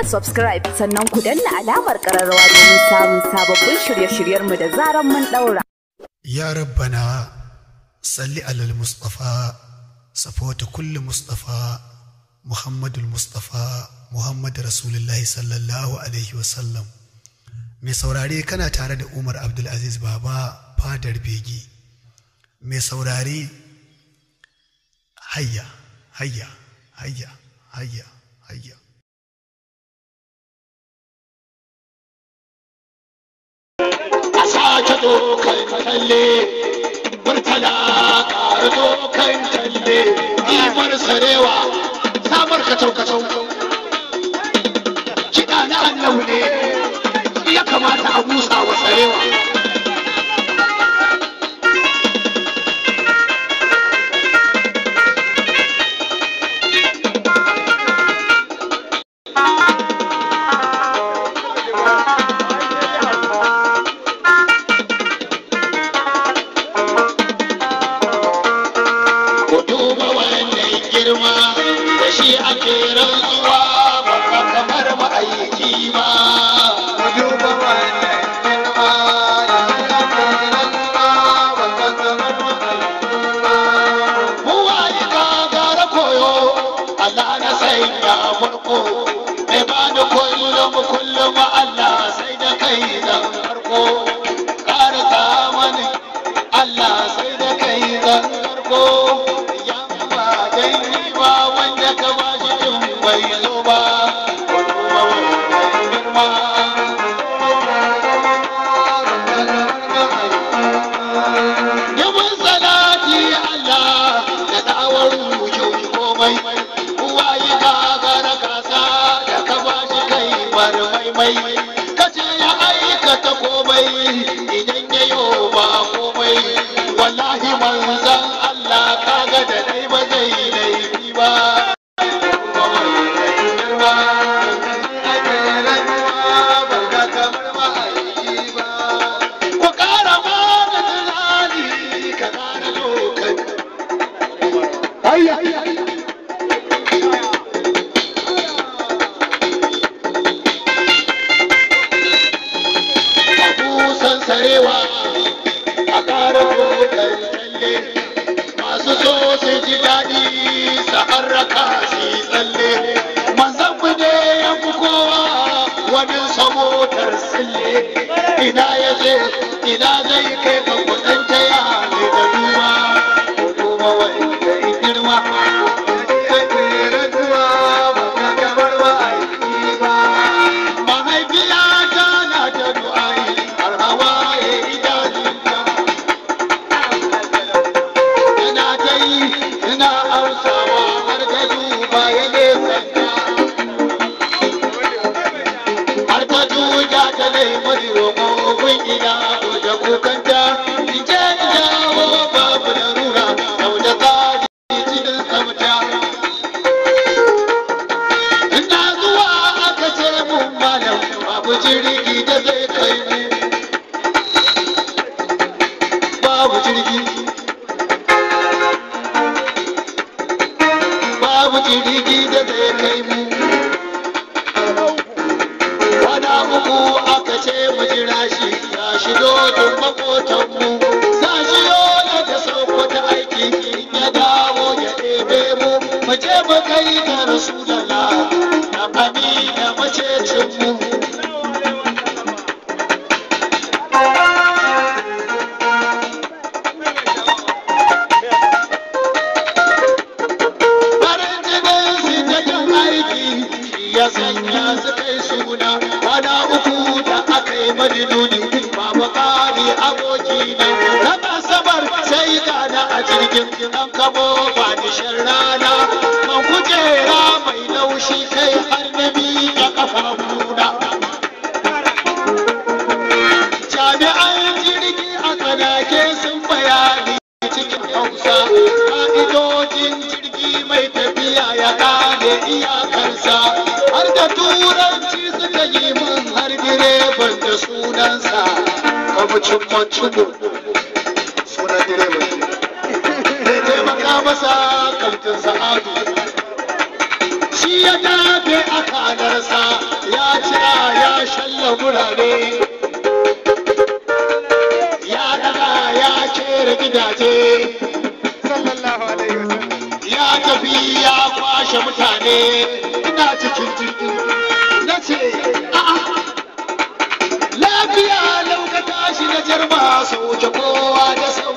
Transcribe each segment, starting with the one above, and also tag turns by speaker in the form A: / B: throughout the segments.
A: mana subscribe sannan ku danna alamar kararrawa domin samun sababbin shirye-shiryenmu da zaran mun daura. Ya Rabbana salli alal Mustafa safota kulli Mustafa Muhammadul Mustafa Muhammad Rasulullahi sallallahu alaihi wasallam. Mai saurare kana tare da Umar Abdulaziz Baba fadar begi. Mai saurare hayya hayya hayya hayya hayya. a sake dokan talle murtala ƙara dokan talle ifar sarewa samar kacau kacau kiɗa na annabu ne ya kamata a busa wa sarewa rana a jirgin an kamo fanishin rana man kujera mai laushi kai har na miƙa ƙafafuna jami'an jirgi a kanake sun bayani cikin hausa ka'idojin jirgi mai tafiya ya kare iyakarsa har da turanci suka yi mun har direban da sunansa kamacin ya dafe a kanarsa ya cira ya shalla burane ya daga ya kera gidaje ya tafi ya kwashe mutane ina cikin jirgi na ce a'a lafiya lauka tashi na jarma sauke kowa da sau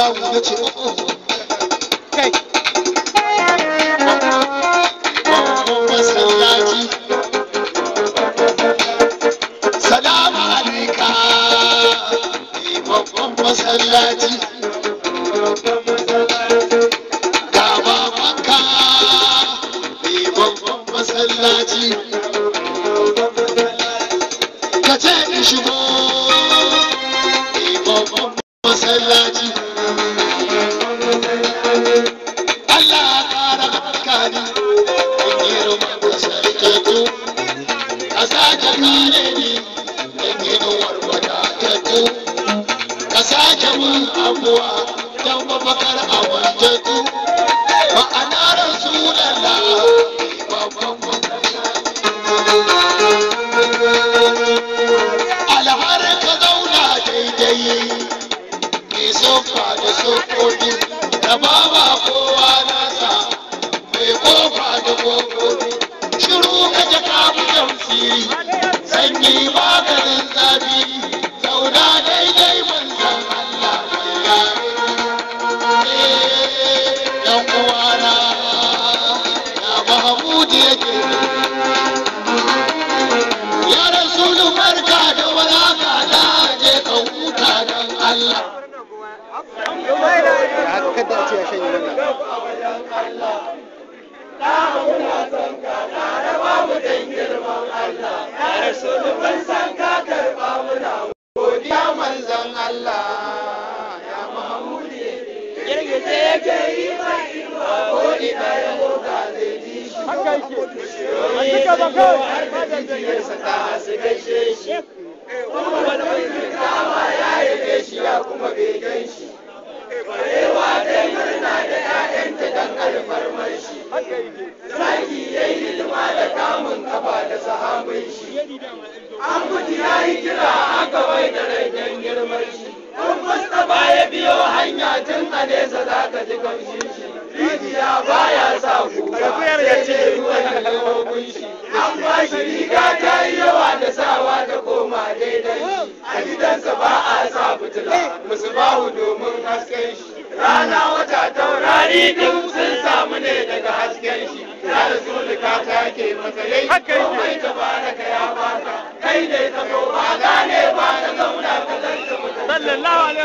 A: 那我们就。damuwa don mafakar a wanjatu ma'ana rasulallah babban alhar ka zauna daidai mai sofa da sofofi da ba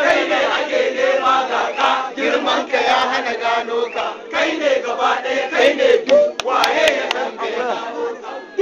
A: kai ne ake nema ga ka girman ka ya hana gano ka kai ne gaba ɗaya kai ne duk waye ya san ka ya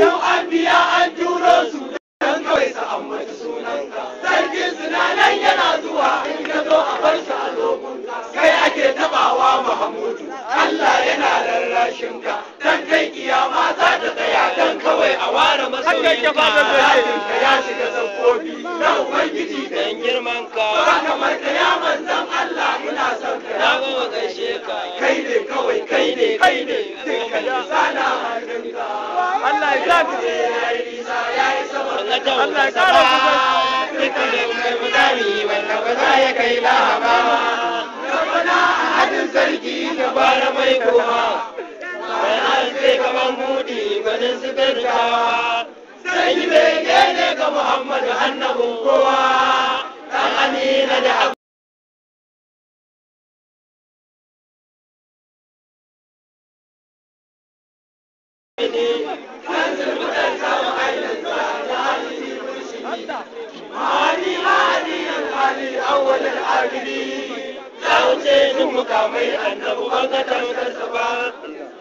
A: yau an biya an juro su dan kawai sa amma sunan ka sarkin sinanan yana zuwa in ka zo a bar a lobun kai ake tabawa mahamudu Allah yana rarrashin ka dan kai kiyama za ta tsaya dan kawai a ware haka yake da zai ya shiga sabbobi na ubangiji dan girman ka ba kamar ka ya manzan Allah ina son ka na gama gaishe ka kai ne kawai kai ne kai ne sai ka da sana hannunka Allah ya ka Allah ya kara dukkanin mai mutane wanda ba za ya kai lahaba Rabbana a hadin sarki gabara mai koma Mai an sai kaman buɗe gwanin su sai yi bege ne ga muhammadu annabin kowa ɗan amina da abu Mahadi mahadi alhali awwal al-abidi ta wuce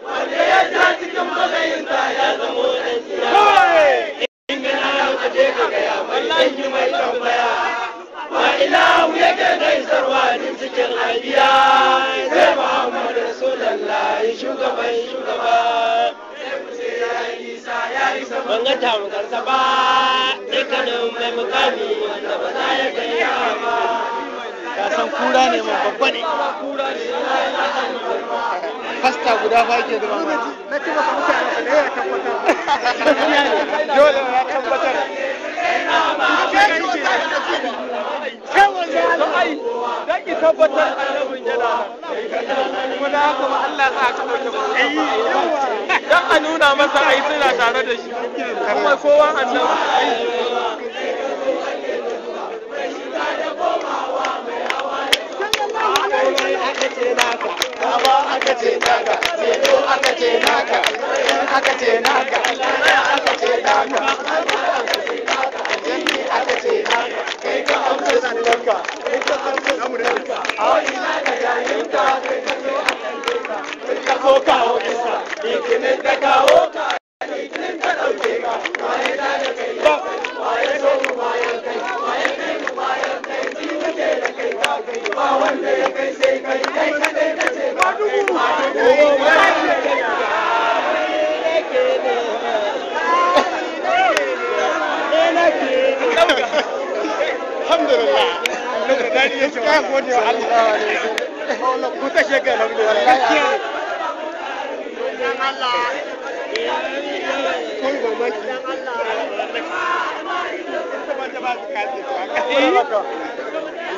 A: wanda ya sha cikin matsayinsa ya zamo ɗan siyasa. ka je ka gaya mai yi mai tambaya wa ilahu yake gaisarwa din cikin albiya sai muhammad rasulullahi shugaban shugaba ban ga tamukarsa ba dukkanin mai mukami wanda ba za ya gani ba ka san kura ne mun babba ne fasta guda fa yake na ba kuma ne ya tabbatar dole ya tabbatar ki ma Allah a nuna masa ai tare da shi kuma kowa annabi aka ce naka ceto aka ce naka aka ce naka aka ce naka jini aka ce naka kai ka amsa sunanka kai ka amsa sunanka a wani naka jayin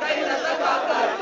A: Kailasa Kakar!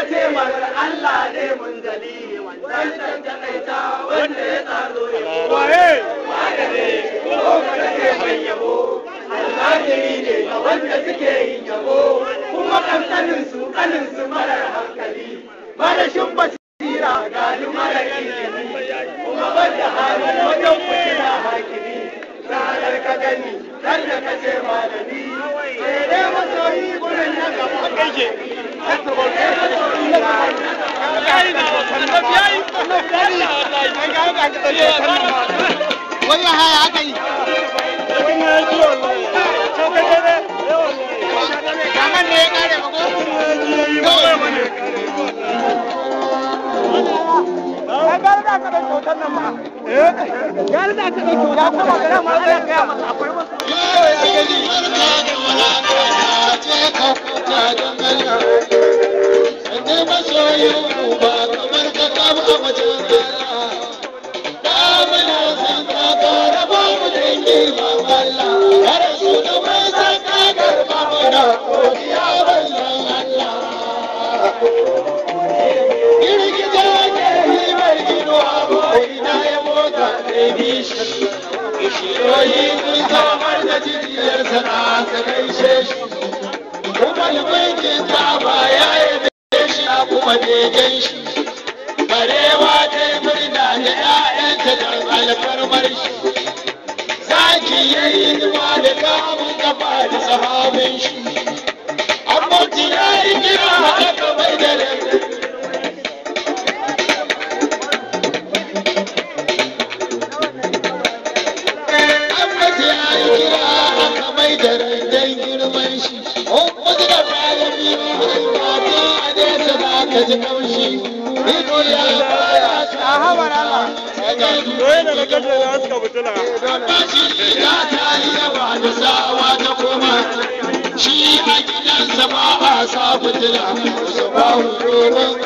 A: aka ce Allah ne mun dalili wancan takaita wanda ya tsaro yabo waye waye ne ko ka mai yabo Allah ne ga wanda suke ka ji kamshi ido ya baya a hawan Allah doye da lakar da za su kabutu ya ta yi yawa da sawa ta koma shi a gidansa ba a sa fitila su ba hujjorin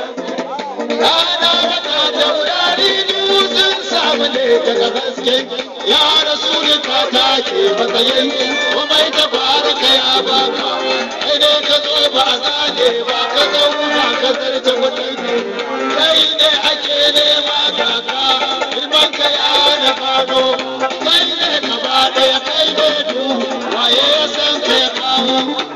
A: rana wata taurari dutsen samu ne daga gaske ya rasulika ta ke matsayin mai tabaraka ya baka kai ne ka zo ba a zane ba ka zauna ka zarce watanni kai ne ake nema kaka ilmanka ya na fado kai ne gaba daya kai ne duhu waye ya san ka ya kawo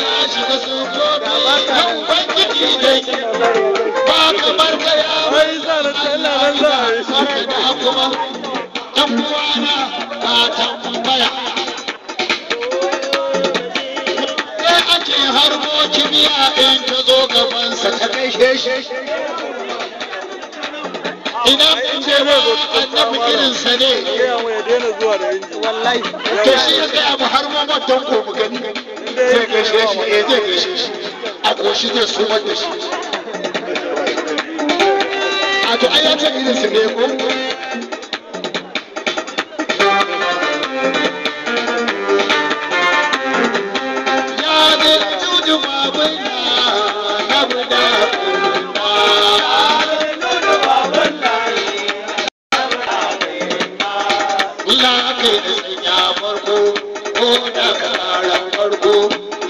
A: ya shiga sojoji kan bangiji ne ba kamar da da tambaya sai harbo kimiyya ta zo gabansa shi ina irin sa ne to shi ya ga abu har ma don ko mu gani zai gaishe shi eh a ƙoshi karan farko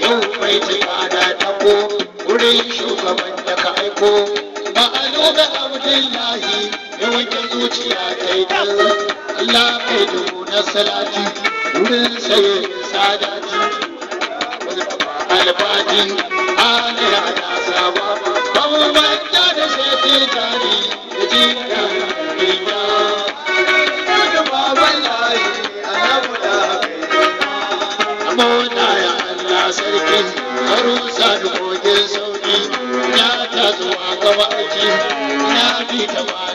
A: yau mai cika da tako wurin shugaban da ka aiko ba a abdullahi da wanke zuciya ta yi dan Allah kai dubu na salati wurin saye sadati alfajin alira da sawa ba mu da shafi jari harusa da kogin sauri ya ta zuwa gaba aiki na bi ta baya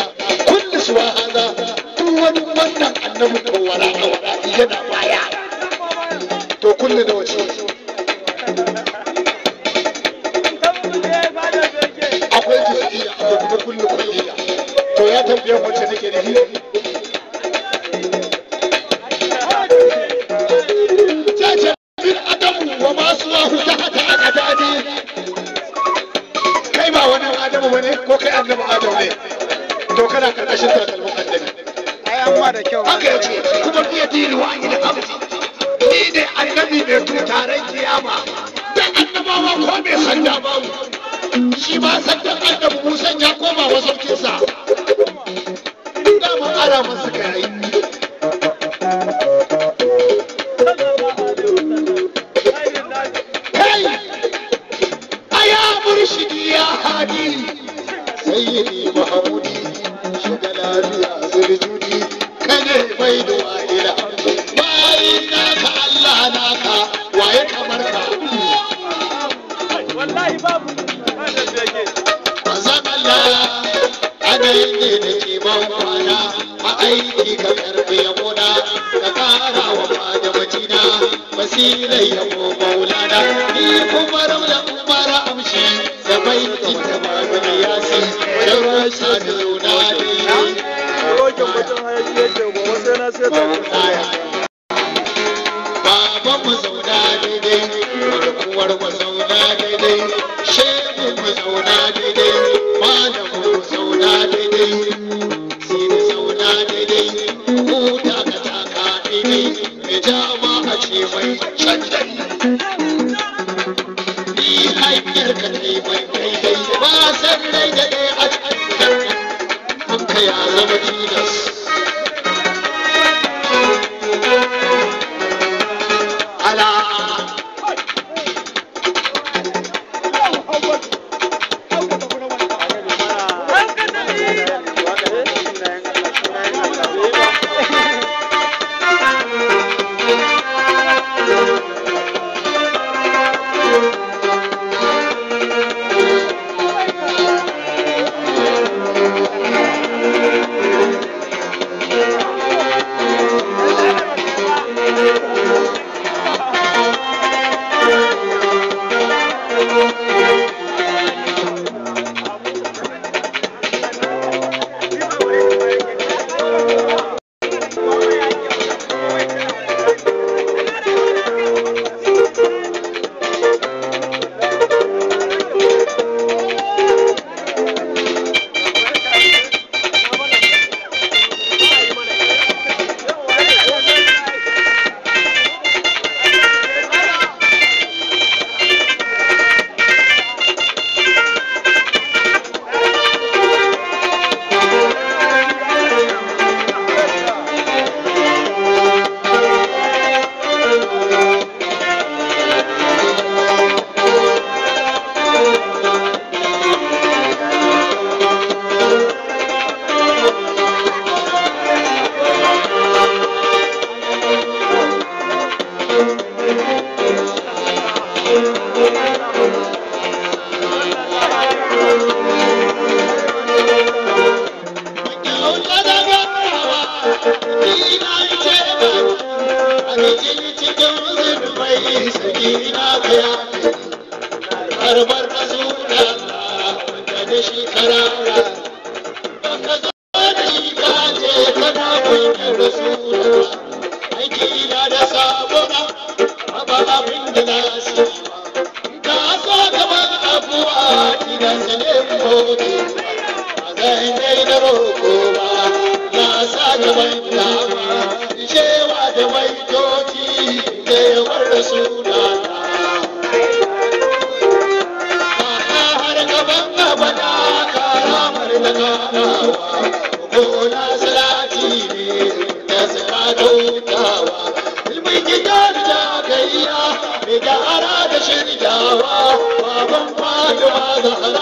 A: hada su suwa hada duk wani wannan annabi to wara yana baya to kulli da wace akwai jisiya akwai kulli kulli kulliya to ya tambaye wacce nake da hira kotu taron kiyama da annabawa ko mai sanda babu Ha, ha, ha, ha.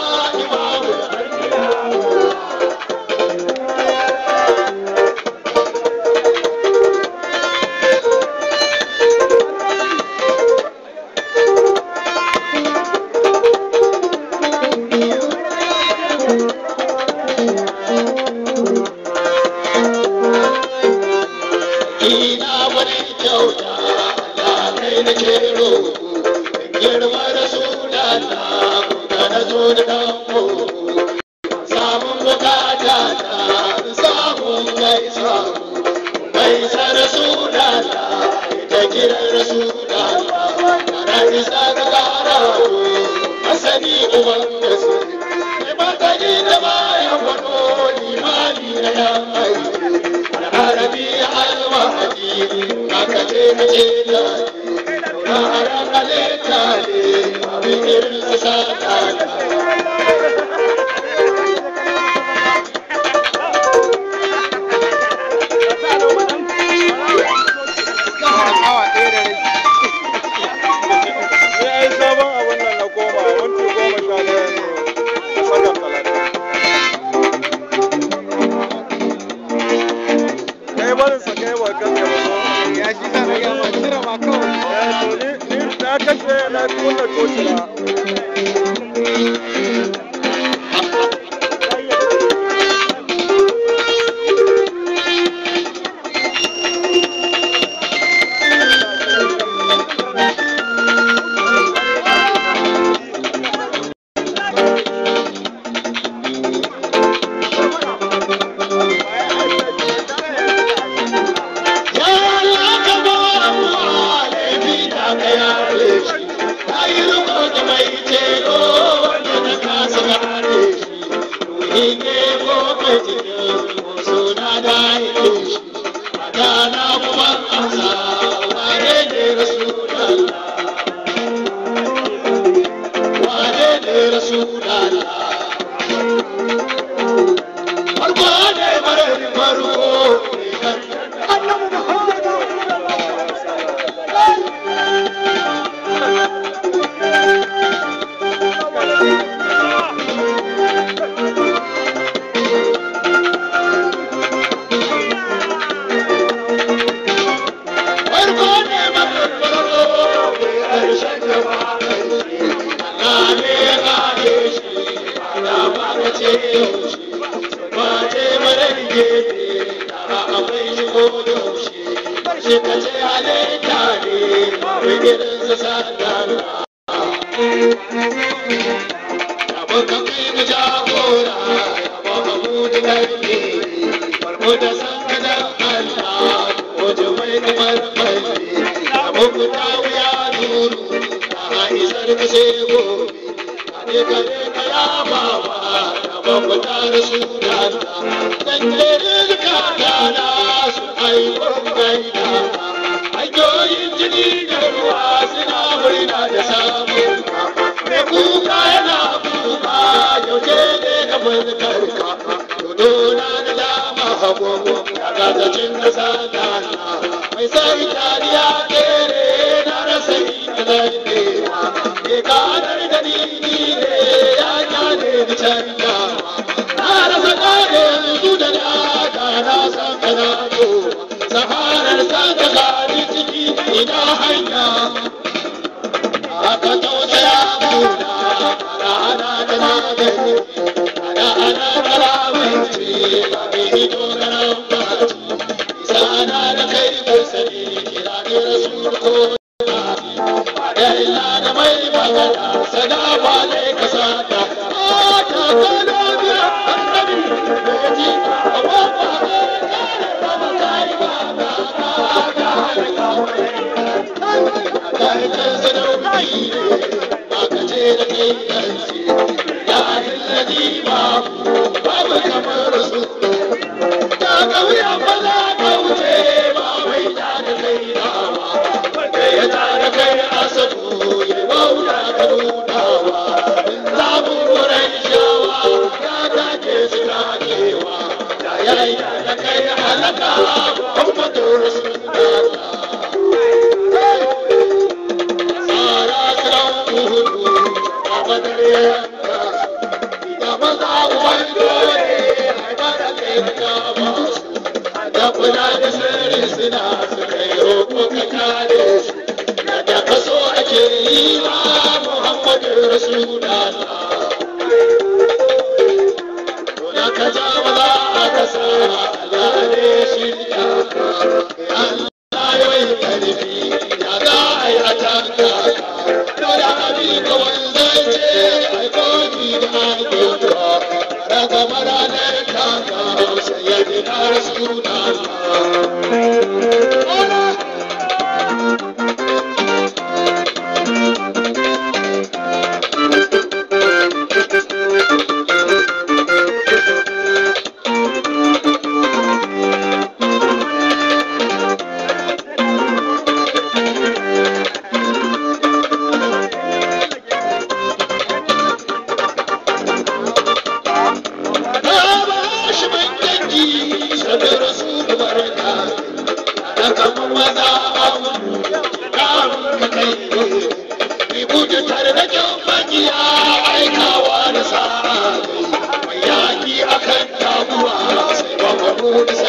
A: Thank you.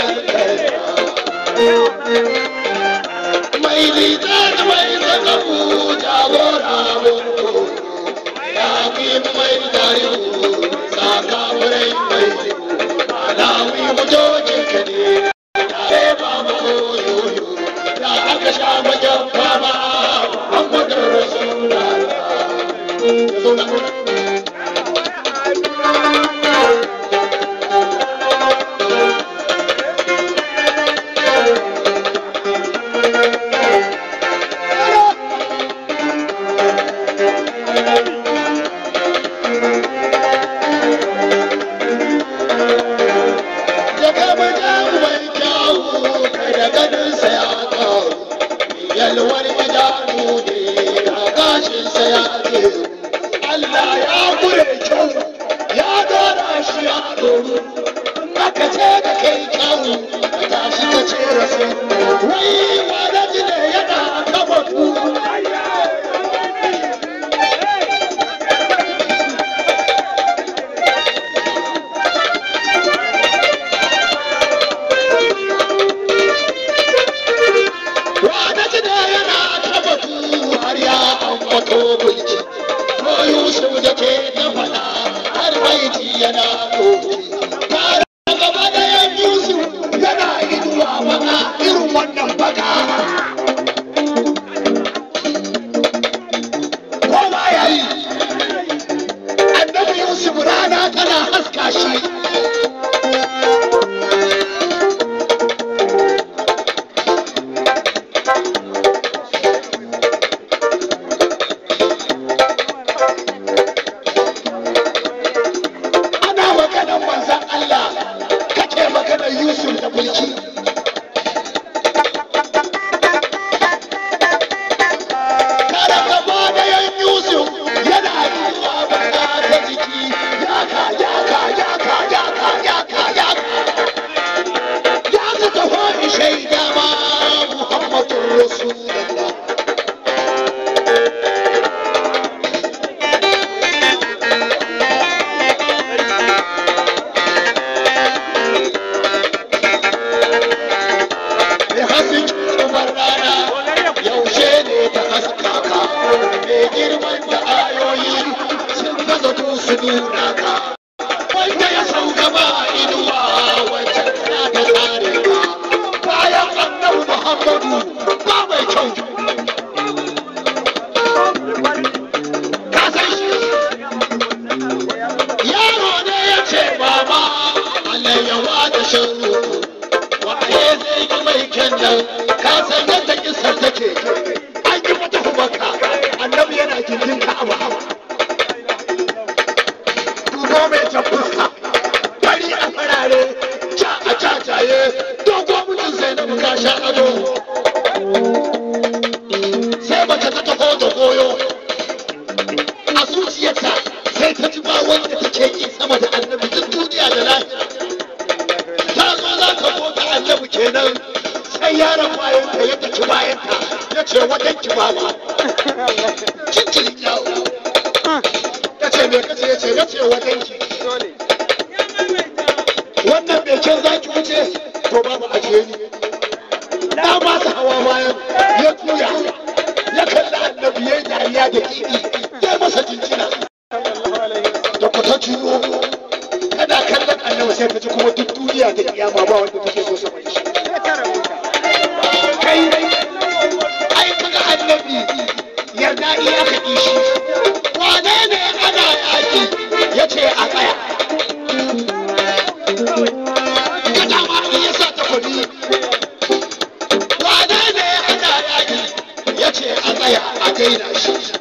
A: Susan.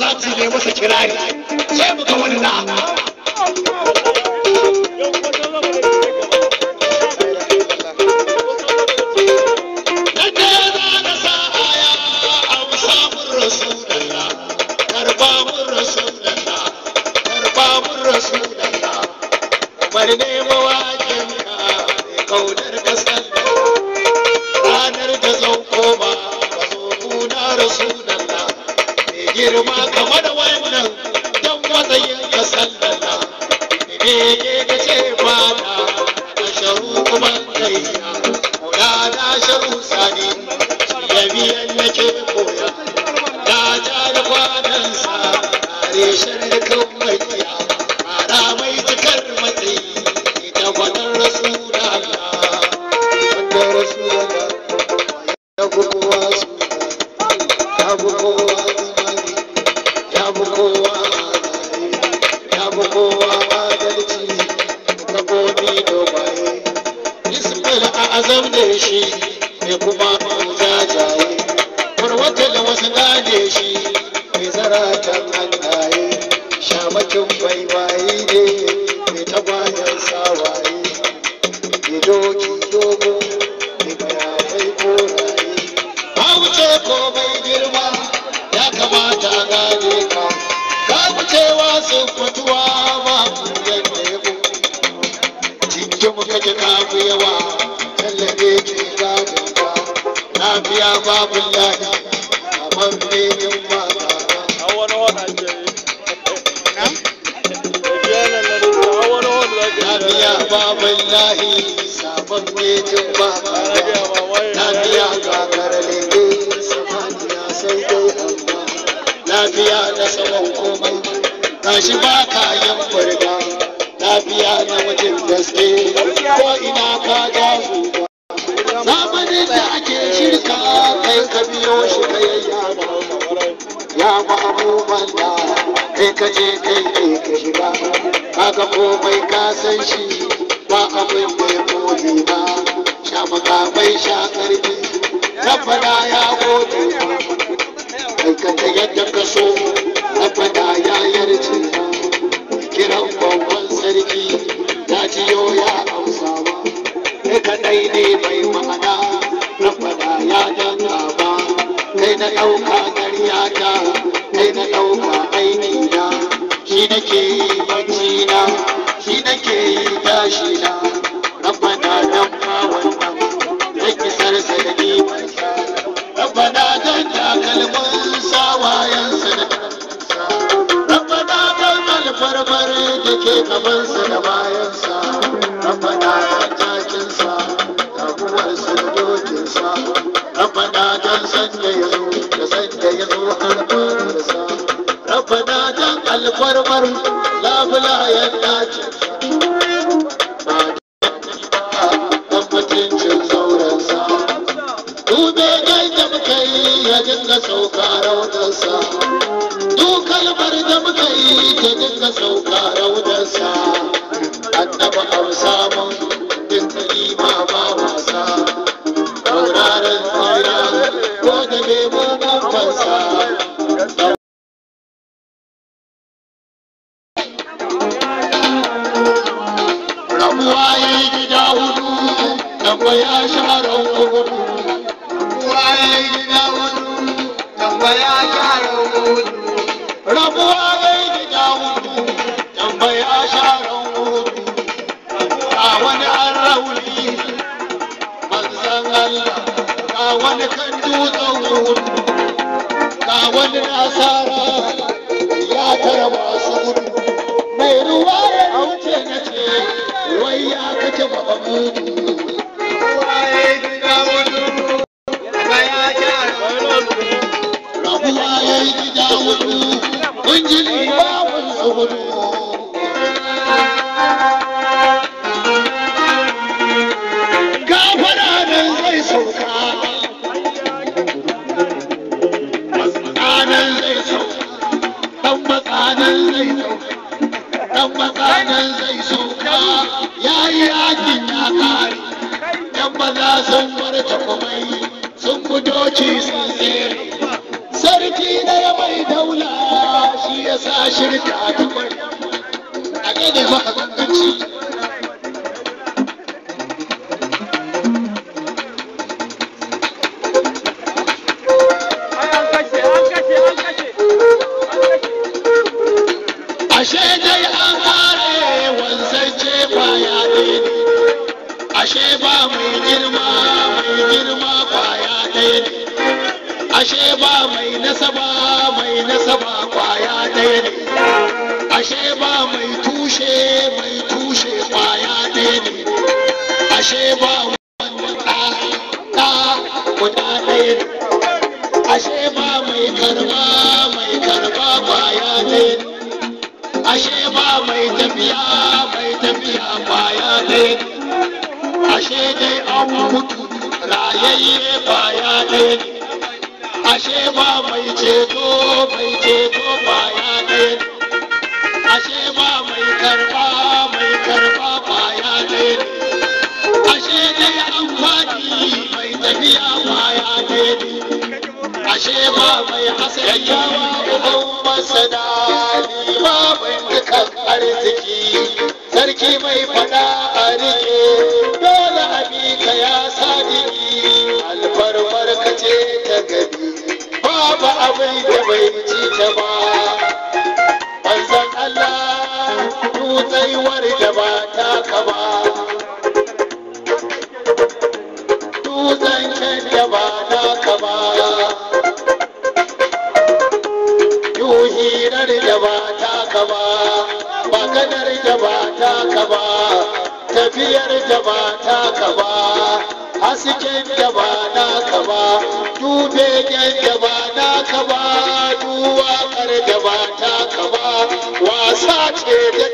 A: za su ne masa kirari sai mu ga wani wani da ake shirka kai ka biyo shi kai yana ya ba abubuwan da kai ka je kai ne ka shiga kaga komai ka san shi ba abin da ya ba sha makamai sha karfi na fada ya gode ba kai ka ta yadda ka so na fada ya yarje ba kiran babban sarki ya ciyo ya amsa ba kai kadai ne bai ma'ana na ɗauka ƙarya ta kai na ɗauka aini na shi nake yi bacci na shi nake yi tashi na rabbana dan ma wannan da isar sa da kimarsa rabbana dan takalmin sawayensa da na dan alfarmar da ke gabansa da bayansa rabbana dan takin para Gracias. tsaiwar da ba ta ka ba dutsen kenya ba hirar da ba ta maganar da ba ta tafiyar da ba ta hasken da ba na kaba ba dube da ba duwakar da ba ta wasa ce da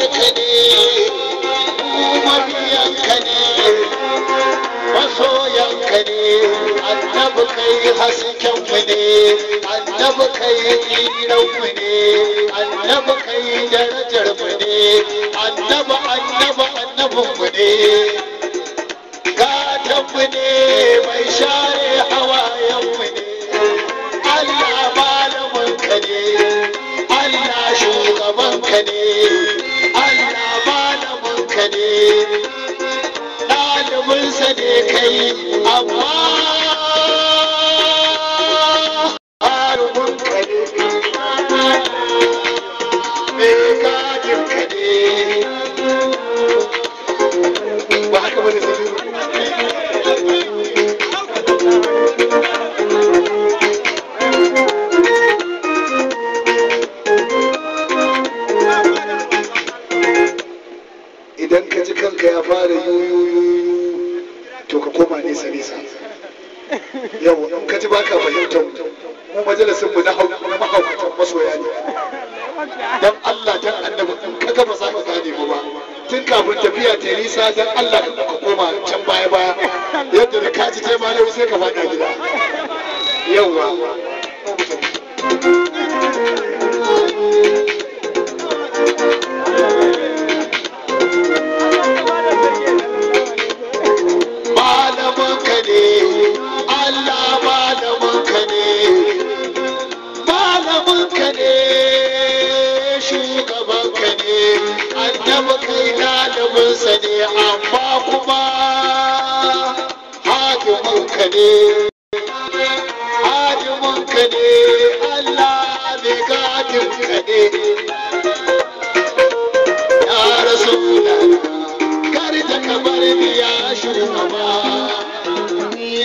A: ka ne mabiyan ka ne masoyan ka ne annabi kai hasken mu ne annabi kai tsiran mu ne annabi kai darajar mu ne annabi annabi annabin mu ne gatan mu ne mai share hawa da a amma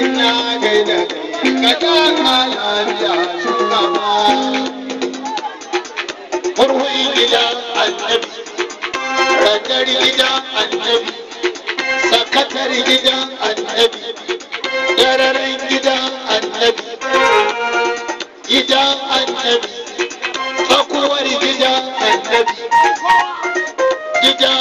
A: na gaida ka ta kalabiya shugaba murhun gida annabi ragar gida annabi sakatar gida annabi yararen gida annabi gida annabi tsakowar gida annabi gida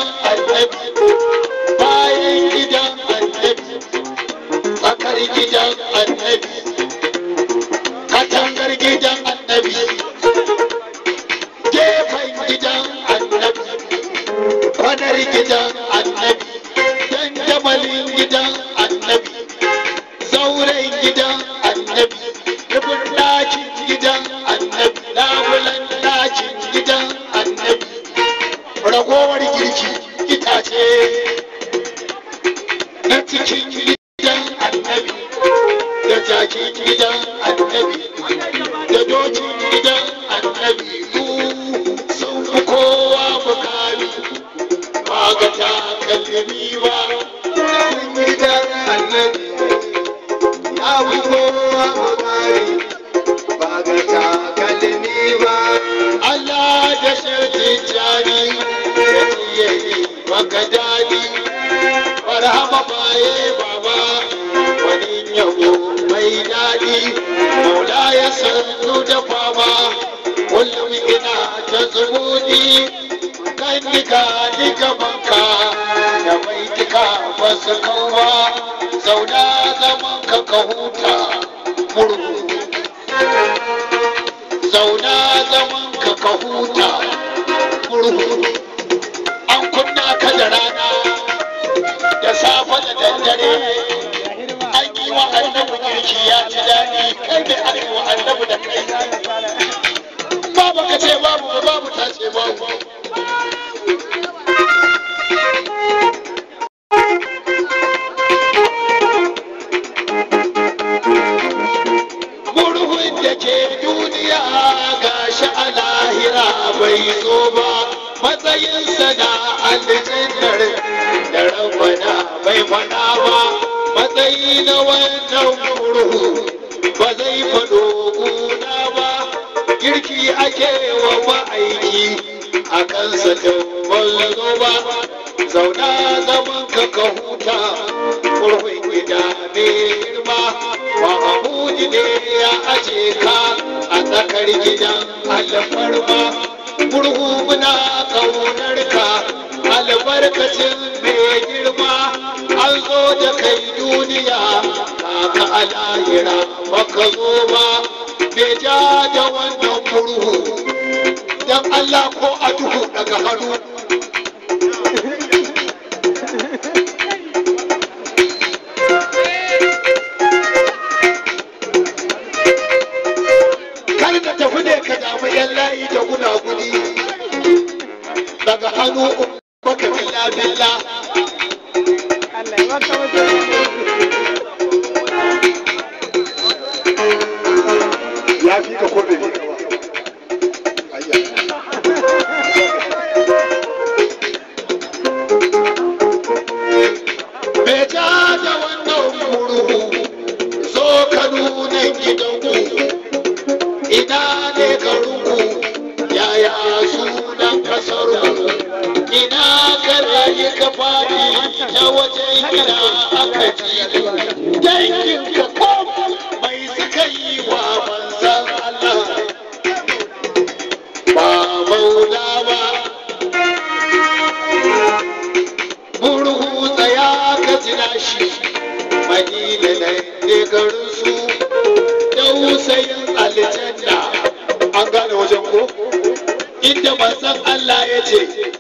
A: magana a cikin dare da bai faɗa ba matsayi na wannan murhu ba zai faɗo kuna ba girki ake wa ma'aiki a kansa tabbar ba zauna zaman ka ka huta murhun gida ne girma wa abuji ne ya aje ka a tsakar gidan alfarma ka a da'ira baka zo ba me ja da wannan murhu dan Allah ko a duhu daga hannu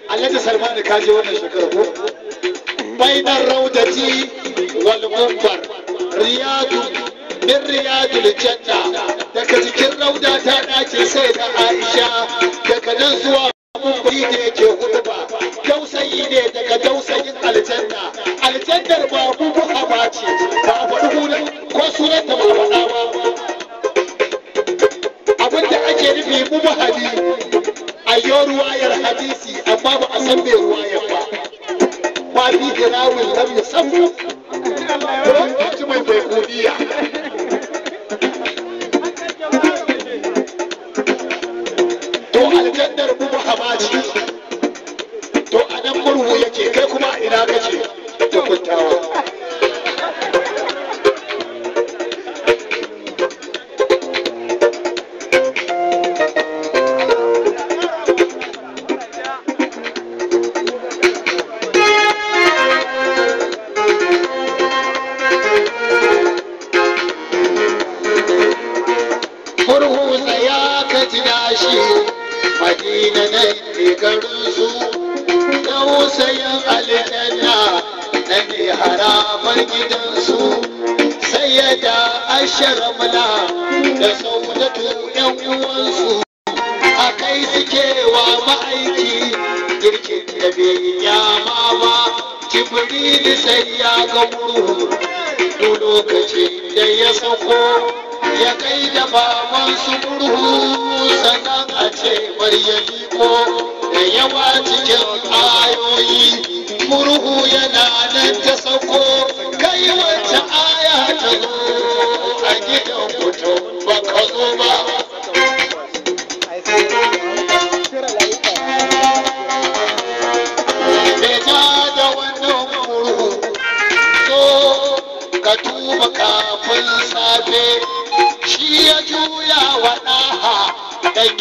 A: alhaji ka je wannan shekarar ko bainar raudati wal mumbar riyadu min Riyadu janna daga cikin rauda ta dace sai da aisha daga nan zuwa mumbari da yake hutuba dausayi ne daga dausayin aljanna aljannar ba bubuka ba ce ba a faɗi hulun ko ta ba a faɗa ba abinda ake nufi mahadi a yi ruwayar hadisi amma ba a san bai ruwayar ba ma bi hirawin lam yusamma mutumin bai kudiya to aljannar kuma hamaci to a nan murhu yake kai kuma ina kace da kuntawa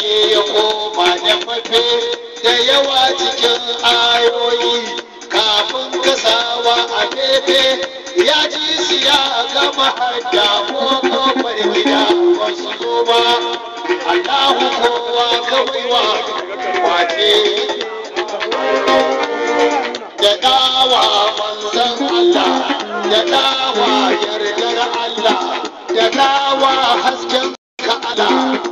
A: ne koma da mafe da yawa cikin ayoyi kafin kasawa a fefe ya ji su ya gama hada ko kofar gida wasu zo ba Allahu kowa kawai wa wace da dawa manzan Allah da dawa yardar Allah da dawa hasken ka Allah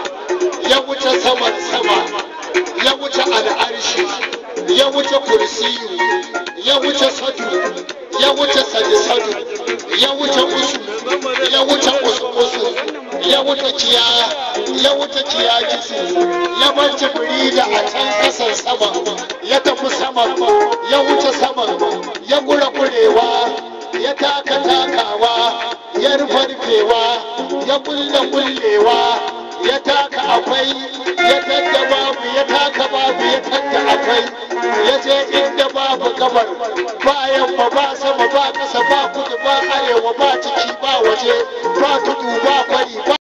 A: ya wuce kursiyu ya wuce sadu ya wuce sadu sadu ya wuce usu ya wuce usu usu ya wuce ciyaya ya wuce ciyayi ya bar jibiri da a can kasan sama ya tafi sama ya wuce sama ya gura kurewa ya taka takawa ya rufe rufewa ya kulle kullewa ya taka akwai ya tadda babu ya taka babu ya tadda akwai ya ce inda babu gabar ba yamma ba sama ba kasa ba kudu ba arewa ba ciki ba waje ba tudu ba kwari ba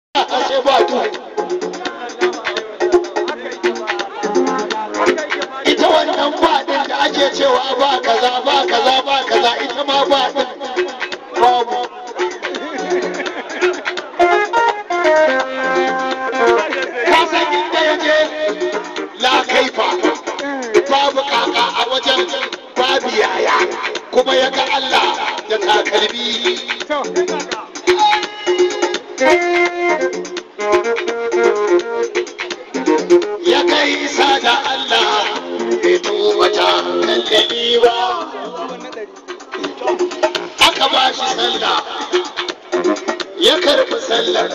A: ya kai sa da Allah bai wata ta ba aka ba shi sallah ya karɓi sallar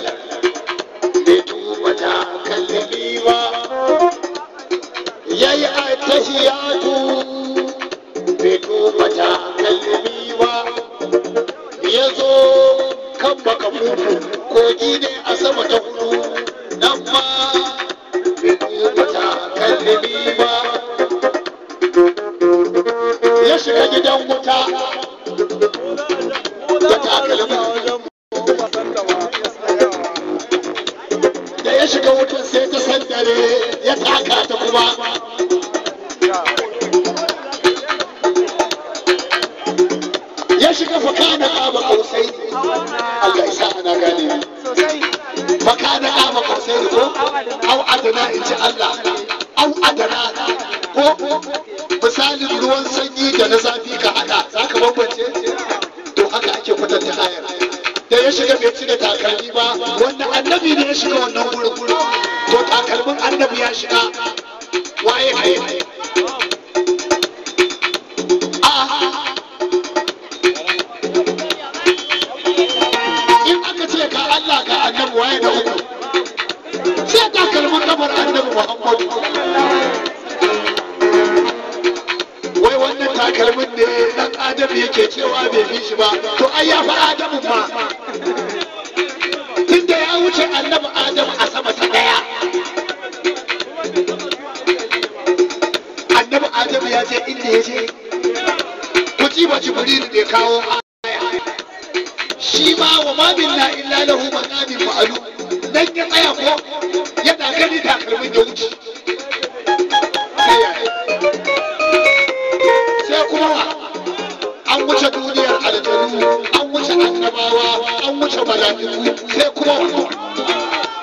A: mala'iku sai kuma hudu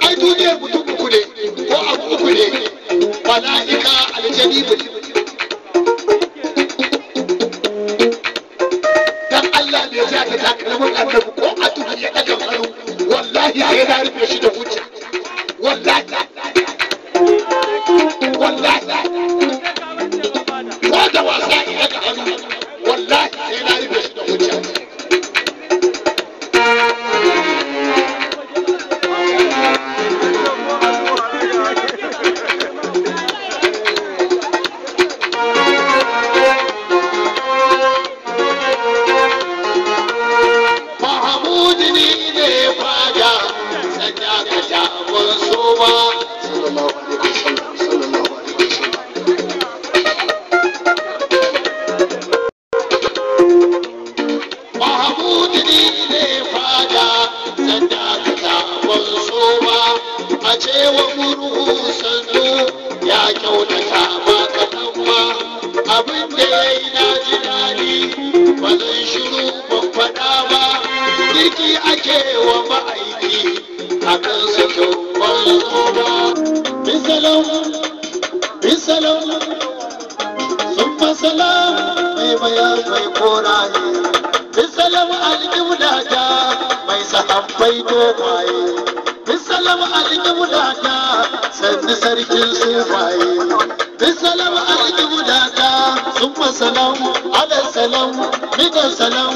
A: ai duniyar mutum uku ne ko abu uku ne mala'ika aljani mutum dan Allah ne ya ga takalmin annabi ko a duhu ya wallahi ya na rufe shi da wuce wallahi سلام على سلام بنا سلام